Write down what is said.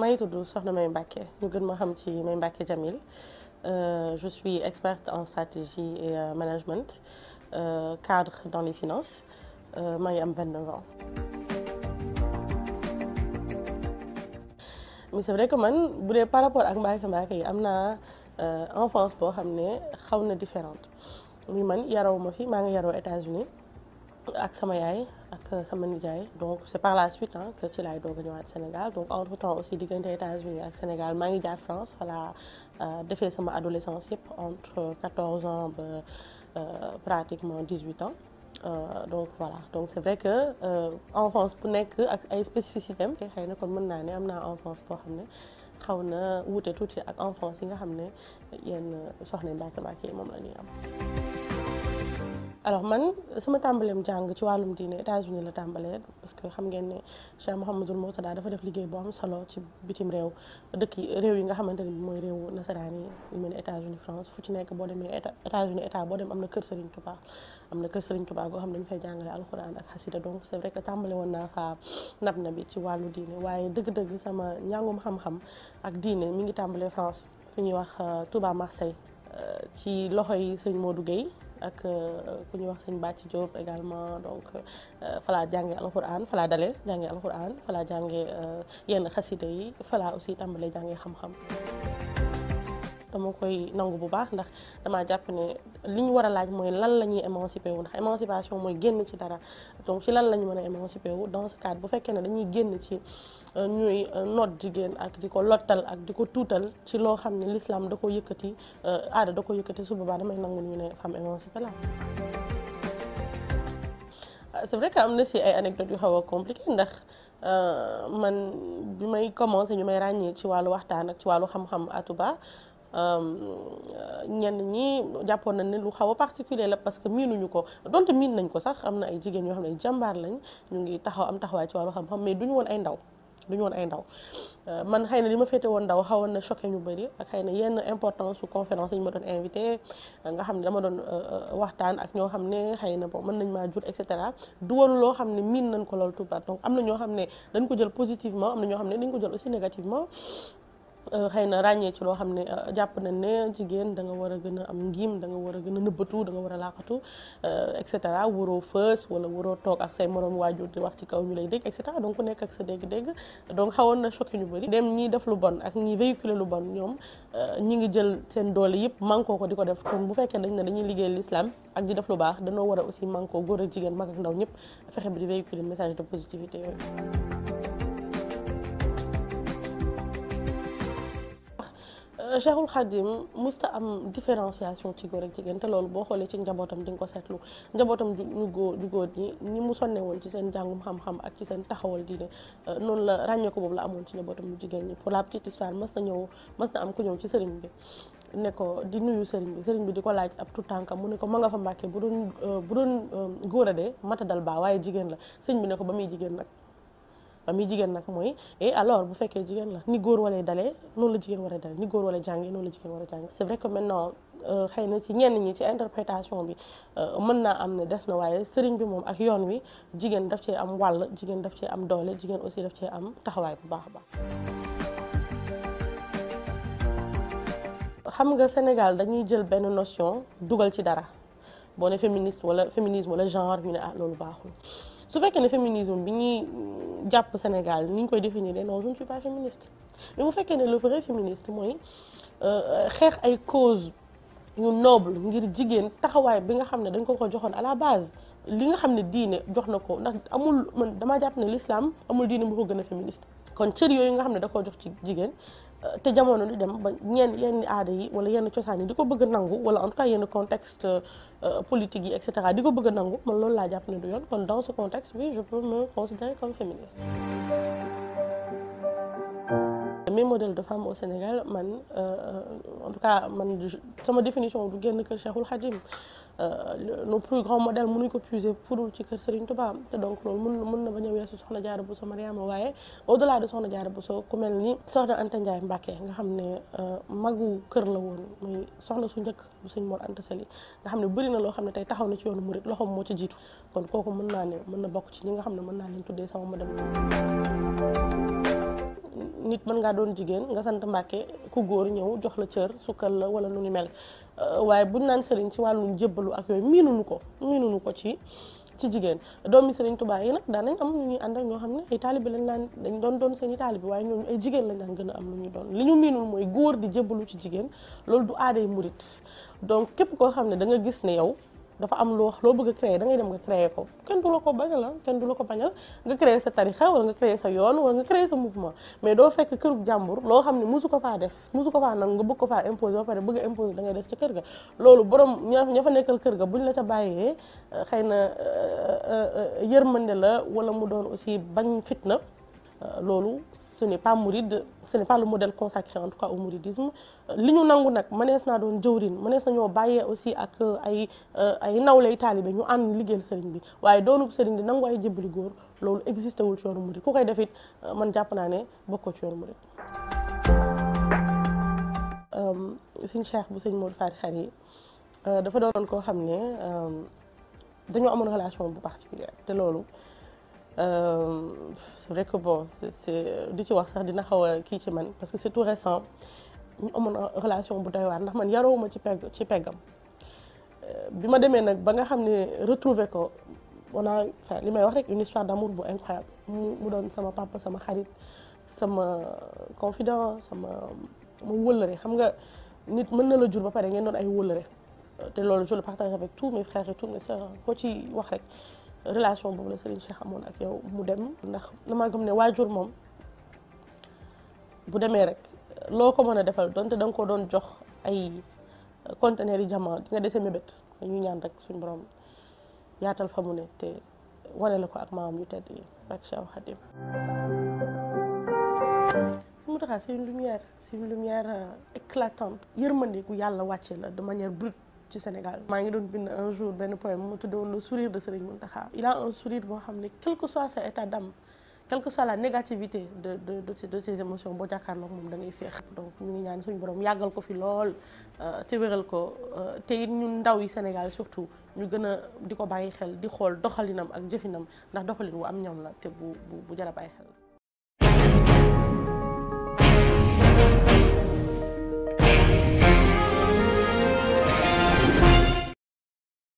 maa ngi tudd Soxna May Mbacké ñu gën moo xam ci May Mbacké Jamil euh, je suis experte en stratégie et euh, management euh, cadre dans les finances euh, maa ngi am 29 ans. mais c'est vrai que man bu dee par rapport ak Mbacké Mbacké yi am naa enfance boo xam ne xaw na différente muy man yaroo ma fi maa ngi yaroo États-Unis ak sama yaay ak sama nijaay donc c' est par la suite ah que ci laay doog ñëwaat Sénégal donc entre temps aussi diggante États-Unis ak Sénégal maa ngi jaar France voilà euh, defee sama adolescence yëpp entre 14 ans ba euh, pratiquement 18 ans. Euh, donc voilà donc c'est vrai que euh, enfance bu nekk ak ay spécificité am te xëy na kon mën naa ne am naa enfance boo xam ne xaw na wuute tuuti ak enfance yi nga xam ne yenn soxna Mbàkke Mbàkke yi moom la am. alors man sama tàmbaleem jàng ci wàllum diine États-Unis la tàmbalee parce que xam ngeen ne Cheikh Mouhamadul Mourtada dafa def liggéey bu am solo ci bitim réew dëkk réew yi nga xamante ne mooy réewu nasaraan yi yu mel fu ci nekk boo demee États-Unis état boo dem am na kër Serigne Touba am na kër Serigne Touba goo xam ne dañu fay jàngale alxuraan ak xasida donc c'est vrai que tàmbale woon naa na bi ci wàllu diine waaye dëgg-dëgg sama njàngum xam ak diine mi ngi tàmbalee France fi ñuy wax euh, Touba Marseille euh, ci loxo yi sëñ Modou Guèye ak euh, ku ñu wax sëñ Bàcc Diop également donc euh, falaa jànge alxuraan falaa dalee jànge alxuraan falaa jànge euh, yenn xasida yi falaa aussi tàmbale jànge xam-xam dama koy nangu bu baax ndax damaa jàpp ne li ñu war a laaj mooy lan la ñuy émancipé wu ndax émancipation mooy génn ci dara donc ci lan la ñu mën a émancipé wu dans ce bu fekkee ne dañuy génn ci Euh, ñuy euh, noot jigéen ak di ko lottal ak di ko tuutal ci loo xam ne l'islam da ko yëkkati euh, aada da ko yëkkati su boobaa damay nangu ñu ne femme émancipée la c'est vrai que am na si ay anecdotes yu xaw a compliqué ndax man bi may commencé ñu may ràññee ci wàllu waxtaan ak ci wàllu xam-xam à Touba ñenn ñi jàppoon na ne lu xaw a particulier la parce que miinuñu ko donte miin nañ ko sax am na ay jigéen ñoo xam ne ay jàmbaar lañ ñu ngi taxaw am taxawaay ci wàllu xam mais duñu woon ay ndaw du ñu woon ay ndaw euh, man xëy na li ma féete woon ndaw xawoon na choqué ñu bëri ak xëy na yenn importance su conférence yi ma doon invité nga xam ne dama doon euh, euh, waxtaan ak ñoo xam ne xëy na bon mën nañ maa jur et cetera du woon loo xam ne miin nañ ko lool tout donc am na ñoo xam ne dañ ko jël positivement am na ñoo xam ne dañ ko jël aussi négativement Euh, xëy na ràññee ci loo xam ne euh, jàpp nañ ne jigéen da nga war a gën a am ngiim da nga war a gën a nëbbatu da war a laaxatu euh, et cetera waroo fës wala waroo toog ak say moroom waajur di wax ci kaw ñu lay dégg et cetera donc ku nekk ak sa dégg-dégg donc xawoon na choqué ñu bëri dem ñiy def lu bon ak ñiy véhiculer lu bon ñoom ñi ngi jël seen doole yëpp mankoo ko di ko def kon bu fekkee dañ ne dañuy liggéey l'islam ak di def lu baax danoo war a aussi mànkoo góor ak jigéen mag ak ndaw ñëpp fexe bi di véhiculer message de Cheikhul Khadim sta am différenciation ci góor ak jigéen te loolu boo xoolee ci njabootam di ko seetlu njabootam ñu góor ju góor ñi ni mu sonne woon ci seen jàngum xam-xam ak ci seen taxawal diine euh, noonu la ràññeeku boobu la amoon ci njabootam ñu jigéen ñi pour la petite histoire mas na ñëw mas na am ku ñëw ci sëriñ bi ne ko di nuyu sëriñ bi sëriñ bi di ko laaj ab tout tànk mu ne ko ma nga fa mbàkke bu doon euh, bu doon euh, góor a de mata baa waaye jigéen la sëriñ bi ne ko ba muy jigéen famille jigéen nag mooy et bu fekkee jigéen la ni góor walee dalee noonu la jigéen war a dalee ni góor walee jàngee noonu la jigéen war a jàngee c'est vrai que maintenant euh, xëy na ci ñenn ñi ci interprétation bi euh, mën naa am ne des na waaye sëriñ bi moom ak yoon wi jigéen daf cee am wàll jigéen daf ci am doole jigéen aussi daf cee am taxawaay bu baax baax xam nga Sénégal dañuy jël benn notion dugal ci dara boo ne féministe wala féminisme wala genre ñu ne ah loolu baaxul su fekkee ne féminisme bi ñuy mm, jàpp Sénégal ni ñu koy définir non je ne suis pas féministe mais bu fekkee ne le vrai féministe mooy euh, euh, xeex ay cause yu noble ngir jigéen taxawaay bi nga xam ne dañ ko ko joxoon à la base li nga xam ne diine jox na ko ndax amul man damaa jàpp ne l'islam amul diine bu ko gën a féministe kon cër yooyu nga xam ne da koo jox ci jigéen euh, te jamono di dem ba ñenn yenn aada yi wala yenn cosaan yi di ko bëgg nangu wala en tout yenn contexte euh, politique yi et cetera di ko bëgg nangu man loolu laa jàpp ne du yoon kon dans ce contexte oui je peux me considérer comme féministe mes modèles de femmes au Sénégal man euh, en tout cas man sama définition du génn kër Cheikhul Khadim euh, nos plus grands modèles mënuñ ko puiser pudul ci kër Serigne Touba te donc loolu mun mun na bañ a weesu Soxna Diarra Bousso Mariama waaye au delà de Soxna Diarra Bousso ku mel ni Soxna Anta Ndiaye Mbacké nga xam ne euh, magu kër la woon muy soxna su njëkk bu sëñ moo Anta Sali nga xam ne bëri na loo xam ne tey taxaw na ci yoonu murit loxoom moo ci jiitu kon kooku mën naa ne mën na bokk ci ñi nga xam ne mën naa leen tuddee sama modèle nit mën ngaa doon jigéen nga sant Mbàkke ku góor ñëw jox la cër sukkal la wala lu ni mel euh, waaye buñ naan sëriñ ci wàllu jébbalu ak yooyu miinuñu ko miinuñu ko ci ci jigéen doomi sëriñ Tuubaa yi nag daan nañ am lu ñuy ànd ak ñoo xam ne ay taalibi lañ naan dañ doon doon seen i taalibi waaye ñooñu ay jigéen lañ daan gën a am lu ñuy doon li ñu miinul mooy góor di jébbalu ci jigéen loolu du aaday murit donc képp koo xam ne da nga gis ne yow dafa am loo loo bëgg a créer da dem nga créer ko kenn du la ko bañal ah, kenn du la ko bañal nga créer sa tarixa wala nga créer sa yoon wala nga créer sa mouvement mais doo fekk kërug jàmbur loo xam ne musu ko faa def musu ko faa nga bëgg ko faa imposer ba pare bëgg a imposer da ngay des ca kër ga loolu borom ña fa nekkal kër ga buñ la ca bàyyee eh, xëy na eh, eh, yërmande la wala mu doon aussi bañ fitna loolu ce n'est pas mouride ce n'est pas le modèle consacré en tout cas au mouridisme li ñu nangu nag mënees naa doon jëwrin mënees nañoo bàyyee aussi ak euh, ay euh, ay nawlay taalibe ñu ànd liggéeyal sëriñ bi waaye doonu sëriñ di nangu ay jébbali góor loolu existé wul ci yoonu murid ku koy defit euh, man jàpp naa ne bokk ci yoonu murid suñ cheikh bu sëñ Modou Faty Khary dafa doonoon koo xam ne dañoo amoon relation bu particulière te loolu Euh, c'est vrai que bon c'est di ci wax sax dina xaw a kii ci man parce que c'est tout récent ñu amoon relation bu doy ndax man yarowuma ci pegg ci peggam euh, bi ma demee nag ba nga xam ne retrouver ko on a li may wax rek une histoire d'amour bu incroyable mu doon sama papa sama xarit sama confident sama ma wëllëre xam nga nit mën na la jur ba pare ngeen doon ay wëllëre euh, te loolu je le partage avec tous mes frères et toutes mes ko ci wax rek relation boobu la Serigne Cheikh amoon ak yow mu dem ndax damaa gëm ne waajur moom bu demee rek loo ko mën a defal donte danga ko doon jox ay conteneur yi jamono di nga dese mébét ñu ñaan rek suñu borom yaatal fa mu ne te wane la ko ak maam yu tedd yi ak Cheikh Khadim su mu taxaa c'est une lumière c'est une lumière euh, éclatante yërmande gu yàlla wàcce la de manière brute ci Sénégal maa ngi doon bind un jour benn poème mu tudde woon le sourire de Serigne Mountakha il a un sourire boo xam ne quel que soit sa état d'âme quelle que soit la négativité de de de de ses émotions boo jàkkaarloog moom da ngay féex donc ñu ngi ñaan suñu borom yàggal ko fi lool euh, te wéral ko euh, te it ñun ndaw yi Sénégal surtout ñu gën a di ko bàyyi xel di xool doxalinam ak jëfinam ndax doxalin wu am ñoom la te bu bu bu jar a xel.